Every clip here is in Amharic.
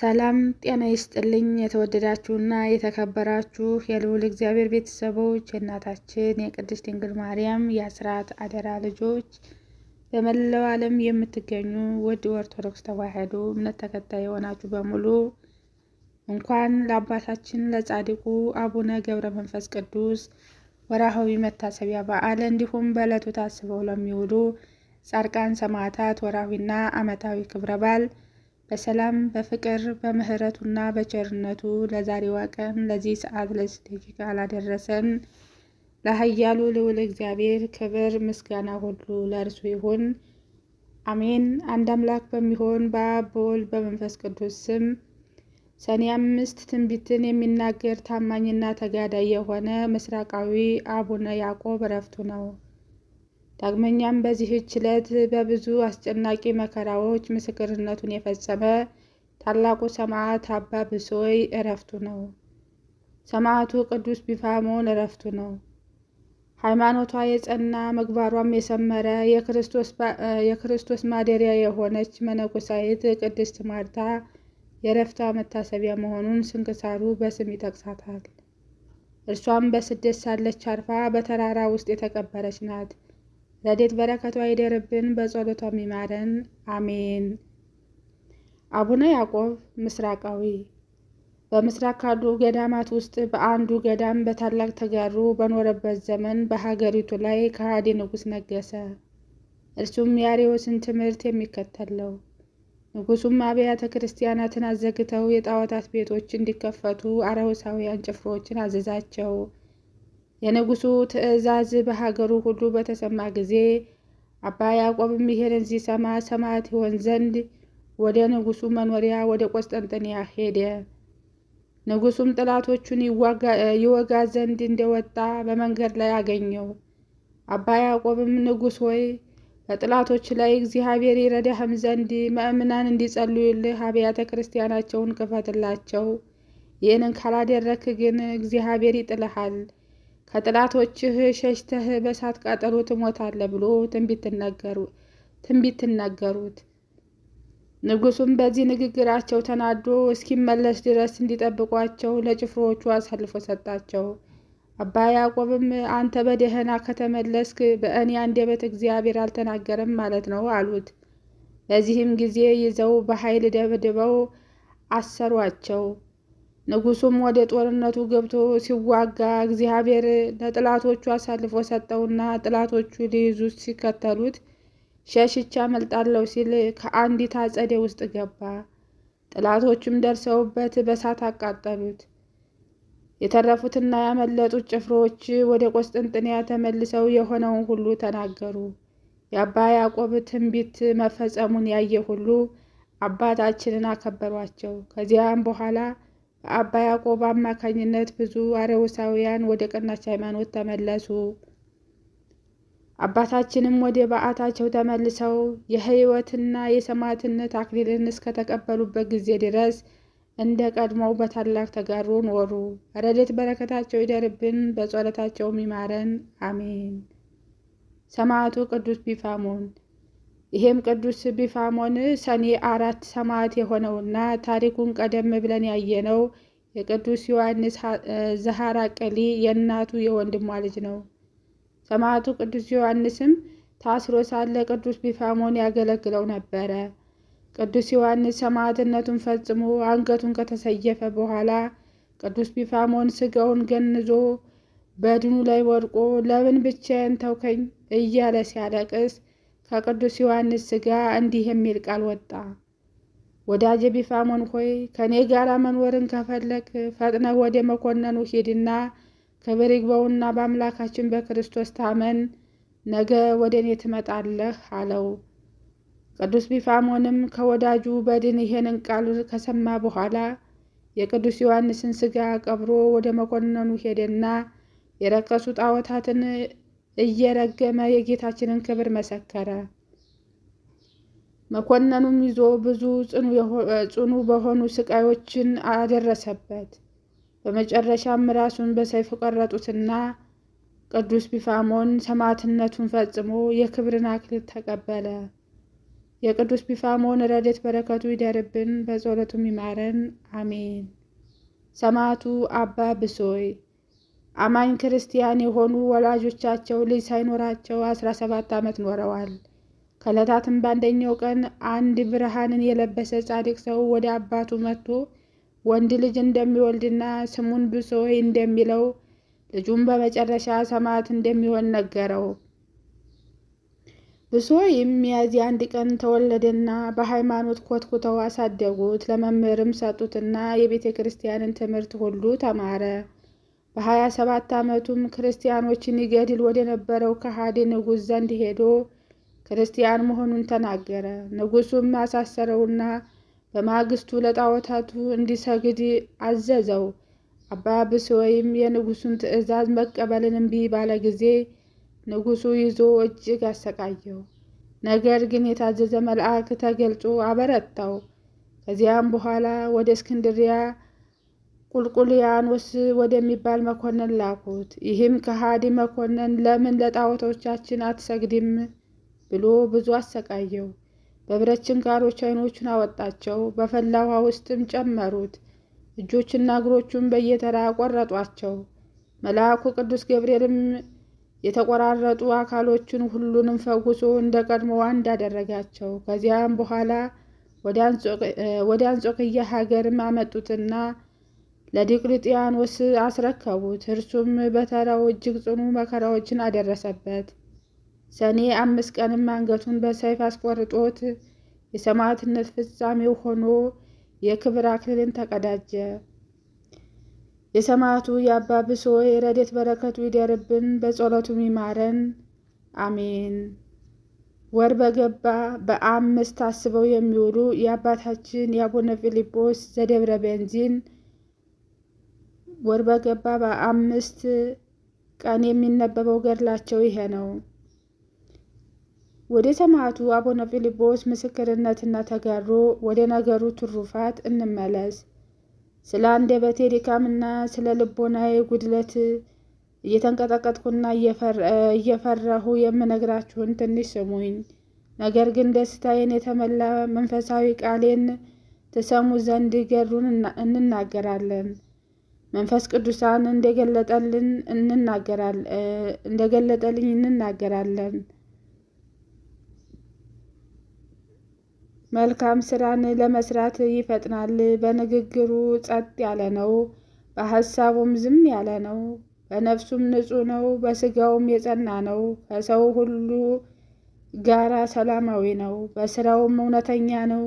ሰላም ጤና ይስጥልኝ። የተወደዳችሁና የተከበራችሁ የልዑል እግዚአብሔር ቤተሰቦች የእናታችን የቅድስት ድንግል ማርያም የአስራት አደራ ልጆች በመላው ዓለም የምትገኙ ውድ ኦርቶዶክስ ተዋሕዶ እምነት ተከታይ የሆናችሁ በሙሉ እንኳን ለአባታችን ለጻድቁ አቡነ ገብረ መንፈስ ቅዱስ ወራሃዊ መታሰቢያ በዓል እንዲሁም በዕለቱ ታስበው ለሚውሉ ጻድቃን ሰማዕታት ወርኃዊና ዓመታዊ ክብረ በዓል በሰላም በፍቅር በምህረቱና በቸርነቱ ለዛሬዋ ቀን ለዚህ ሰዓት ለዚህ ደቂቃ አላደረሰን ለኃያሉ ልዑል እግዚአብሔር ክብር ምስጋና ሁሉ ለእርሱ ይሁን፣ አሜን። አንድ አምላክ በሚሆን በአብ በወልድ በመንፈስ ቅዱስ ስም ሰኔ አምስት ትንቢትን የሚናገር ታማኝና ተጋዳይ የሆነ ምስራቃዊ አቡነ ያዕቆብ እረፍቱ ነው። ዳግመኛም በዚህች ዕለት በብዙ አስጨናቂ መከራዎች ምስክርነቱን የፈጸመ ታላቁ ሰማዕት አባ ብሶይ እረፍቱ ነው። ሰማዕቱ ቅዱስ ቢፋሞን እረፍቱ ነው። ሃይማኖቷ የጸና ምግባሯም የሰመረ የክርስቶስ ማደሪያ የሆነች መነኮሳይት ቅድስት ማርታ የእረፍቷ መታሰቢያ መሆኑን ስንክሳሩ በስም ይጠቅሳታል። እርሷም በስደት ሳለች አርፋ በተራራ ውስጥ የተቀበረች ናት። ለዴት በረከቷ ይደርብን፣ በጸሎቷ ይማረን። አሜን። አቡነ ያዕቆብ ምስራቃዊ በምስራቅ ካሉ ገዳማት ውስጥ በአንዱ ገዳም በታላቅ ተጋሩ በኖረበት ዘመን በሀገሪቱ ላይ ከሃዲ ንጉሥ ነገሰ። እርሱም የአርዮስን ትምህርት የሚከተል ነው። ንጉሱም አብያተ ክርስቲያናትን አዘግተው የጣዖታት ቤቶች እንዲከፈቱ አርዮሳውያን ጭፍሮችን አዘዛቸው። የንጉሱ ትእዛዝ በሀገሩ ሁሉ በተሰማ ጊዜ አባ ያዕቆብም ይሄንን ሲሰማ ሰማዕት ይሆን ዘንድ ወደ ንጉሱ መኖሪያ ወደ ቆስጠንጥንያ ሄደ። ንጉሱም ጠላቶቹን ይወጋ ዘንድ እንደወጣ በመንገድ ላይ አገኘው። አባ ያዕቆብም ንጉስ ሆይ በጥላቶች ላይ እግዚአብሔር ይረዳህም ዘንድ ምእምናን እንዲጸልዩልህ አብያተ ክርስቲያናቸውን ክፈትላቸው። ይህንን ካላደረክ ግን እግዚአብሔር ይጥልሃል ከጥላቶችህ ሸሽተህ በሳት ቃጠሎ ትሞታለህ ብሎ ትንቢት ትናገሩት። ንጉሱም በዚህ ንግግራቸው ተናዶ እስኪመለስ ድረስ እንዲጠብቋቸው ለጭፍሮቹ አሳልፎ ሰጣቸው። አባ ያዕቆብም አንተ በደህና ከተመለስክ በእኔ አንደበት እግዚአብሔር አልተናገረም ማለት ነው አሉት። በዚህም ጊዜ ይዘው በኃይል ደብድበው አሰሯቸው። ንጉሱም ወደ ጦርነቱ ገብቶ ሲዋጋ እግዚአብሔር ለጥላቶቹ አሳልፎ ሰጠውና ጥላቶቹ ሊይዙት ሲከተሉት ሸሽቻ መልጣለው ሲል ከአንዲት አጸዴ ውስጥ ገባ። ጥላቶቹም ደርሰውበት በሳት አቃጠሉት። የተረፉትና ያመለጡት ጭፍሮች ወደ ቆስጥንጥንያ ተመልሰው የሆነውን ሁሉ ተናገሩ። የአባ ያዕቆብ ትንቢት መፈጸሙን ያየ ሁሉ አባታችንን አከበሯቸው። ከዚያም በኋላ በአባ ያዕቆብ አማካኝነት ብዙ አረውሳውያን ወደ ቀናች ሃይማኖት ተመለሱ። አባታችንም ወደ በዓታቸው ተመልሰው የሕይወትና የሰማዕትነት አክሊልን እስከተቀበሉበት ጊዜ ድረስ እንደ ቀድሞው በታላቅ ተጋድሎ ኖሩ። ረድኤት በረከታቸው ይደርብን፣ በጸሎታቸውም ይማረን፣ አሜን። ሰማዕቱ ቅዱስ ቢፋሞን ይሄም ቅዱስ ቢፋሞን ሰኔ አራት ሰማዕት የሆነውና ታሪኩን ቀደም ብለን ያየነው የቅዱስ ዮሐንስ ዘሐራቅሊ የእናቱ የወንድሟ ልጅ ነው። ሰማዕቱ ቅዱስ ዮሐንስም ታስሮ ሳለ ቅዱስ ቢፋሞን ያገለግለው ነበረ። ቅዱስ ዮሐንስ ሰማዕትነቱን ፈጽሞ አንገቱን ከተሰየፈ በኋላ ቅዱስ ቢፋሞን ስጋውን ገንዞ በድኑ ላይ ወድቆ ለምን ብቻዬን ተውከኝ እያለ ሲያለቅስ ከቅዱስ ዮሐንስ ሥጋ እንዲህ የሚል ቃል ወጣ። ወዳጅ ቢፋሞን ሆይ ከእኔ ጋር መኖርን ከፈለግ ፈጥነ ወደ መኮነኑ ሂድና ክብር ይግባውና በአምላካችን በክርስቶስ ታመን፣ ነገ ወደ እኔ ትመጣለህ አለው። ቅዱስ ቢፋሞንም ከወዳጁ በድን ይሄንን ቃል ከሰማ በኋላ የቅዱስ ዮሐንስን ሥጋ ቀብሮ ወደ መኮንኑ ሄደና የረከሱ ጣዖታትን እየረገመ የጌታችንን ክብር መሰከረ። መኮንኑም ይዞ ብዙ ጽኑ በሆኑ ስቃዮችን አደረሰበት። በመጨረሻም ራሱን በሰይፍ ቆረጡትና ቅዱስ ቢፋሞን ሰማዕትነቱን ፈጽሞ የክብርን አክሊል ተቀበለ። የቅዱስ ቢፋሞን ረድኤት በረከቱ ይደርብን፣ በጸሎቱም ይማረን፣ አሜን። ሰማዕቱ አባ ብሶይ አማኝ ክርስቲያን የሆኑ ወላጆቻቸው ልጅ ሳይኖራቸው አስራ ሰባት ዓመት ኖረዋል። ከዕለታትም በአንደኛው ቀን አንድ ብርሃንን የለበሰ ጻድቅ ሰው ወደ አባቱ መጥቶ ወንድ ልጅ እንደሚወልድና ስሙን ብሶይ እንደሚለው ልጁም በመጨረሻ ሰማዕት እንደሚሆን ነገረው። ብሶይም ሚያዝያ አንድ ቀን ተወለደና በሃይማኖት ኮትኩተው አሳደጉት። ለመምህርም ሰጡትና የቤተ ክርስቲያንን ትምህርት ሁሉ ተማረ። በሀያ ሰባት ዓመቱም ክርስቲያኖችን ይገድል ወደ ነበረው ከሃዲ ንጉሥ ዘንድ ሄዶ ክርስቲያን መሆኑን ተናገረ። ንጉሱም አሳሰረውና በማግስቱ ለጣዖታቱ እንዲሰግድ አዘዘው። አባ ወይም የንጉሱን ትእዛዝ መቀበልን እምቢ ባለ ጊዜ ንጉሱ ይዞ እጅግ አሰቃየው። ነገር ግን የታዘዘ መልአክ ተገልጾ አበረታው። ከዚያም በኋላ ወደ እስክንድሪያ ቁልቁልያኖስ ወደሚባል መኮንን ላኩት። ይህም ከሃዲ መኮንን ለምን ለጣዖቶቻችን አትሰግድም ብሎ ብዙ አሰቃየው። በብረት ችንካሮች አይኖቹን አወጣቸው፣ በፈላ ውሃ ውስጥም ጨመሩት። እጆችና እግሮቹን በየተራ ቆረጧቸው። መልአኩ ቅዱስ ገብርኤልም የተቆራረጡ አካሎቹን ሁሉንም ፈውሶ እንደ ቀድሞ አንድ አደረጋቸው። ከዚያም በኋላ ወደ አንጾቅያ ሀገርም አመጡትና ለዲቅልጥያኖስ አስረከቡት። እርሱም በተራው እጅግ ጽኑ መከራዎችን አደረሰበት። ሰኔ አምስት ቀንም አንገቱን በሰይፍ አስቆርጦት የሰማዕትነት ፍጻሜው ሆኖ የክብር አክሊልን ተቀዳጀ። የሰማዕቱ የአባ ብሶይ ረድኤት በረከቱ ይደርብን፣ በጸሎቱም ይማረን አሜን። ወር በገባ በአምስት ታስበው የሚውሉ የአባታችን የአቡነ ፊልጶስ ዘደብረ ቤንዚን ወር በገባ በአምስት ቀን የሚነበበው ገድላቸው ይሄ ነው። ወደ ሰማዕቱ አቡነ ፊልጶስ ምስክርነትና ተጋድሎ ወደ ነገሩ ትሩፋት እንመለስ። ስለ አንደበቴ ድካምና ስለ ልቦናዬ ጉድለት እየተንቀጠቀጥኩና እየፈራሁ የምነግራችሁን ትንሽ ስሙኝ። ነገር ግን ደስታዬን የተመላ መንፈሳዊ ቃሌን ትሰሙ ዘንድ ገድሉን እንናገራለን። መንፈስ ቅዱሳን እንደገለጠልን እንደገለጠልኝ እንናገራለን። መልካም ስራን ለመስራት ይፈጥናል። በንግግሩ ጸጥ ያለ ነው፣ በሀሳቡም ዝም ያለ ነው። በነፍሱም ንጹሕ ነው፣ በስጋውም የጸና ነው። ከሰው ሁሉ ጋራ ሰላማዊ ነው፣ በስራውም እውነተኛ ነው።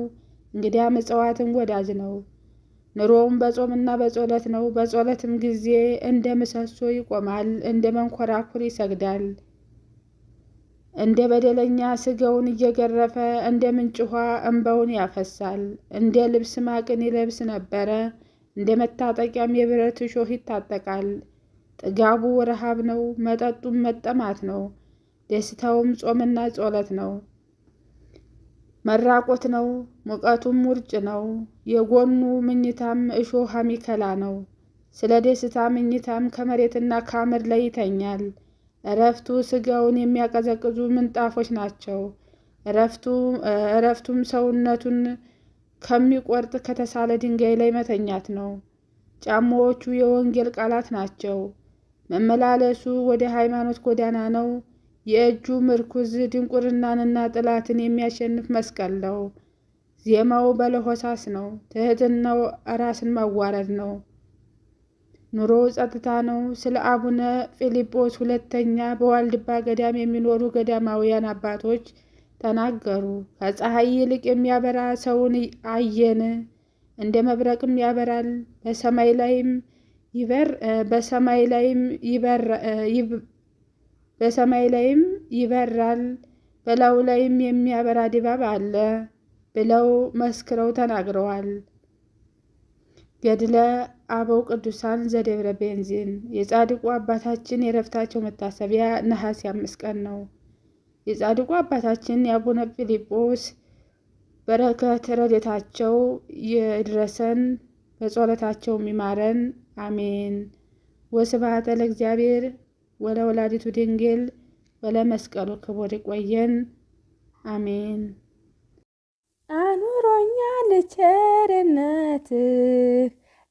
እንግዲያ ምጽዋትን ወዳጅ ነው። ኑሮውም በጾምና በጸሎት ነው። በጸሎትም ጊዜ እንደ ምሰሶ ይቆማል፣ እንደ መንኮራኩር ይሰግዳል። እንደ በደለኛ ስጋውን እየገረፈ እንደ ምንጭ ውሃ እንባውን ያፈሳል። እንደ ልብስ ማቅን ይለብስ ነበረ፣ እንደ መታጠቂያም የብረት እሾህ ይታጠቃል። ጥጋቡ ረሃብ ነው፣ መጠጡም መጠማት ነው፣ ደስታውም ጾምና ጸሎት ነው። መራቆት ነው። ሙቀቱም ውርጭ ነው። የጎኑ ምኝታም እሾህ አሚከላ ነው። ስለ ደስታ ምኝታም ከመሬትና ከአመድ ላይ ይተኛል። እረፍቱ ስጋውን የሚያቀዘቅዙ ምንጣፎች ናቸው። እረፍቱም ሰውነቱን ከሚቆርጥ ከተሳለ ድንጋይ ላይ መተኛት ነው። ጫማዎቹ የወንጌል ቃላት ናቸው። መመላለሱ ወደ ሃይማኖት ጎዳና ነው። የእጁ ምርኩዝ ድንቁርናንና ጥላትን የሚያሸንፍ መስቀል ነው። ዜማው በለሆሳስ ነው። ትህትናው ራስን ማዋረድ ነው። ኑሮው ጸጥታ ነው። ስለ አቡነ ፊልጶስ ሁለተኛ በዋልድባ ገዳም የሚኖሩ ገዳማውያን አባቶች ተናገሩ። ከፀሐይ ይልቅ የሚያበራ ሰውን አየን። እንደ መብረቅም ያበራል። በሰማይ ላይም ይበር በሰማይ ላይም በሰማይ ላይም ይበራል፣ በላዩ ላይም የሚያበራ ድባብ አለ ብለው መስክረው ተናግረዋል። ገድለ አበው ቅዱሳን ዘደብረ ቤንዚን የጻድቁ አባታችን የረፍታቸው መታሰቢያ ነሐሴ አምስት ቀን ነው። የጻድቁ አባታችን የአቡነ ፊልጶስ በረከት ረድኤታቸው ይድረሰን፣ በጸሎታቸው ይማረን፣ አሜን። ወስብሐት ለእግዚአብሔር ወላዲቱ ድንግል ወለ መስቀሉ ክቡር ይቆየን። አሜን። አኑሮኛ ቸርነትህ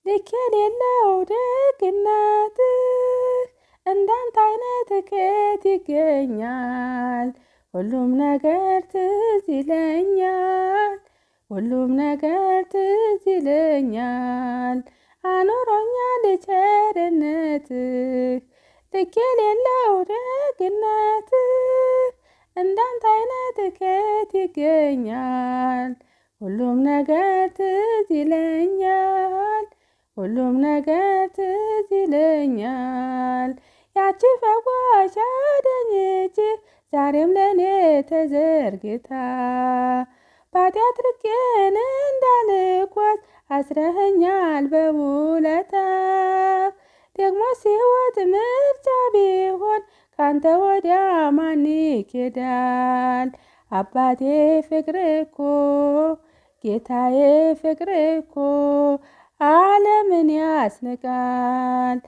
ልክ የሌለው ደግነትህ እንዳንተ አይነት ከየት ይገኛል? ሁሉም ነገር ትዝ ይለኛል፣ ሁሉም ነገር ትዝ ይለኛል። አኖሮኛ ልቸርነት ልክ የሌለው ደግነት እንዳንተ አይነት ከየት ይገኛል? ሁሉም ነገር ትዝ ይለኛል፣ ሁሉም ነገር ትዝ ይለኛል። ያቺ ፈዋሽ አዳኝ ዛሬም ለእኔ ተዘርግታ ባጢአት ርቄን እንዳልኳት አስረኸኛል በውለታ ደግሞ ሲወት ምርጫ ቢሆን ካንተ ወዲያ ማን ይኬዳል? አባቴ ፍቅር እኮ ጌታዬ ፍቅር እኮ ዓለምን ያስንቃል።